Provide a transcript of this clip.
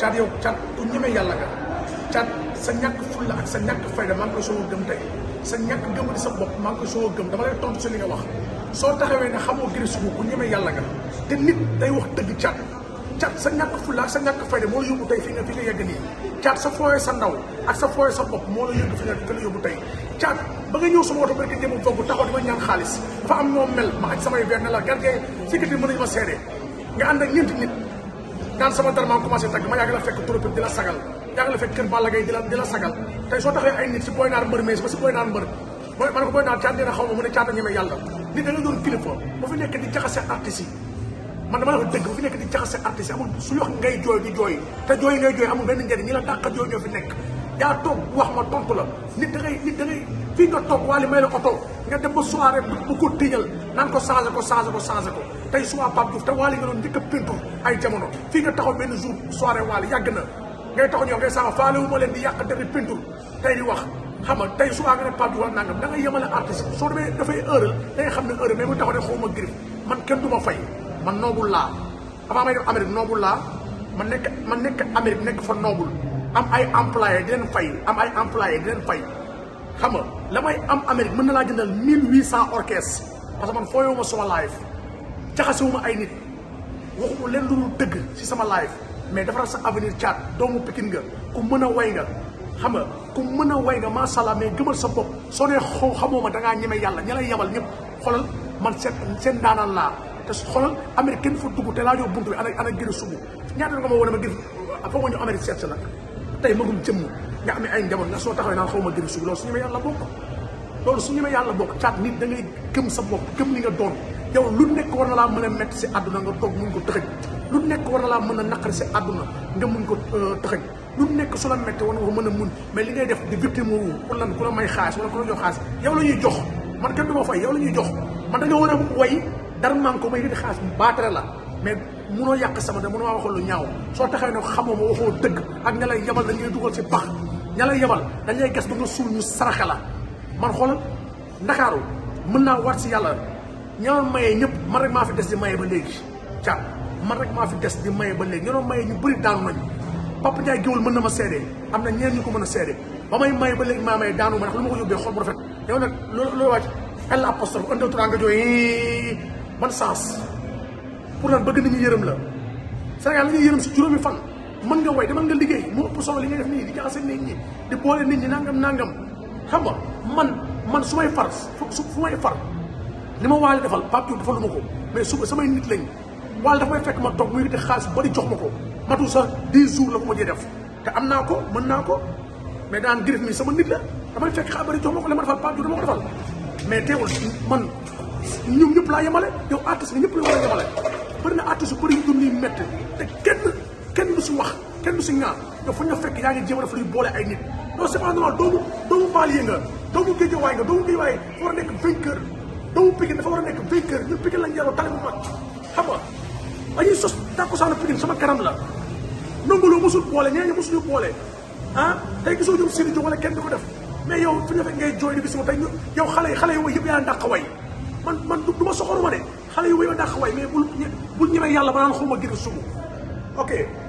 caat yow caat ku ñemee yàlla nga caat sa ñàkk fulla ak sa ñàkk fayda maa ngi koy soog a gëm tey sa ñàkk gëm di maa ngi koy a gëm dama lay soo taxawee ne xamoo Griss Gou ku ñemee yàlla nga te day wax dëgg caat caat sa ñàkk fulla sa ñàkk fayda moo la yóbbu tey fi nga fi nga yegg nii caat sa fooyee sa ndaw ak sa fooyee sa bopp moo la yóbbu fi nga tey caat ba nga ñëw sama oto barki démb foog taxaw dama ñaan xaalis dafa am ñoo mel ma aj samay verre ne la gerte sécurité mën nañu ma seede nga ànd ak ñeenti nit daan sama dara maa commencé tagg ma yàgg la fekk trop di la sagal yàgg la fekk kër Balla Gaye di la sagal tey soo taxee ay nit si booy naar mbër mais ba si booy naar mbër ma ne ma fi nekk di jaxase artistes man dama la ko dëgg ba fi nekk di jaxase artistes su wax ngay jooy di jooy te jooy ngay jooy amul benn njëriñ la dàq jooy ñoo fi nekk yaa toog wax ma tontu la nit da nit da fii nga toog waali may la oto nga dem ba soirée bu ko tëjal naan ko changé ko changé ko changé ko tey soir Pape Diouf te Wally nga doon njëkk a ay jamono fii nga taxaw benn jour soirée Wally yàgg na ngay taxaw ñoo ngay saaga faale wu leen di yàq deri peinture tey di wax xam nga tey soir nga ne Pape Diouf wala nangam da nga yemale artiste soo demee dafay heure da nga xam ne heure mais bu taxaw ne xaw ma Griff man kenn du ma fay man noobul laa avant may def Amérique noobul laa man nekk man nekk Amérique nekk fa noobul am ay employé di leen fay am ay employé di leen fay xam nga la may am Amérique mën na laa jëndal mille huit cent orchestre parce que man fooyoo ma sama live ma ay nit waxuma leen lu dëgg si sama live mais defaral sa avenir Thiat doomu Pikine nga ku mën a way nga xam nga ku mën a way nga macha allah mais gëmal sa bopp soo dee xaw xamoo ma da ngaa ñeme yàlla ña lay yabal ñëpp xoolal man seen seen daanaan laa te xoolal Amérique kenn fa dugg te laa jox buntu bi ana ana gën a ñaata nga ma wane ma gis foog nga ñu Amérique seet si nag. tey magum jëmm nga amee ay njaboot nga soo taxawee naan xaw ma jëriñ suuf loolu su ñu ma yàlla bokk loolu su ñu ma yàlla bokk caat nit da gëm sa bopp gëm li nga doon yow lu nekk war na laa mën a metti si àdduna nga toog mun ko tëxëj lu nekk war na a naqari si àdduna nga mun ko euh, tëxëj nekk su la metti war ko mën a mun mais li ngay def di victime wu pour lan ku la may xaalis wala ku la jox xaalis yow la ñuy jox man kenn du ma fay yow la ñuy jox man da nga war a way dara maa ko may yëkkati xaalis la munoo yàq sama de munoo waxal lu ñaaw soo taxee ne xamoo ma waxoo dëgg ak ña lay yebal dañ lay dugal si pax ña lay yebal dañ lay gas ba nga suul ñu saraxe la man xoolal ndaxaaru mën naa war si yàlla ña doon mayee ñëpp man rek maa fi des di maye ba léegi ca man rek maa fi des di maye ba léegi ña doon mayee ñu bëri daanu nañu Papa Ndiaye géwél mën na ma seede am na ñeen ñu ko mën a seede ba may maye ba léegi maa may daanu ma ndax lu ma ko yóbbee xol bu rafet yow nag loolu loolu wàcc l apostrophe un deux trois nga pour lan bëgg nañu yërëm la Sénégal la ñuy yërëm si juróomi fan mën nga way demal nga liggéey moo ëpp solo li nga def nii di jaxase nit ñi di boole nit ñi nangam nangam xam nga man man su may far su fu may far li ma waale defal Pape Diouf defaluma ko mais suba samay nit lañ waale dafa may fekk ma toog muy yëkkati xaalis bari jox ma ko matul sax 10 jours la ko def te am naa ko mën naa ko mais daan Griff mi sama nit la damay fekk xaalis bari jox ma ko li ma defal Pape Diouf dama ko defal mais teewul man ñoom ñëpp laa yemale yow artiste bi ñëpp la war a yemale bëri na artiste yu bëri yu dund yu métti te kenn kenn du si wax kenn du si ñaan yow fu ñu fekk yaa ngi jéem a def luy boole ay nit non c'est pas normal doomu doomu banlieue nga doomu géejawaay nga doomu a nekk vainqueur doomu Pikine dafa war a nekk vainqueur ñun la nangaloo mosul boole ñee ñu mosuñu boole ah tey gisoo ñoom Sidi Diop wala kenn du ko def mais yow fu ñu fekk ngay jooy di bis ma tey yow xale yi xale yi yëpp yaa ndàq way man man du ma soxoruma de xale yu may ma dàq way mais bul bul ñemee yàlla ba naan xuma gën a sumu ok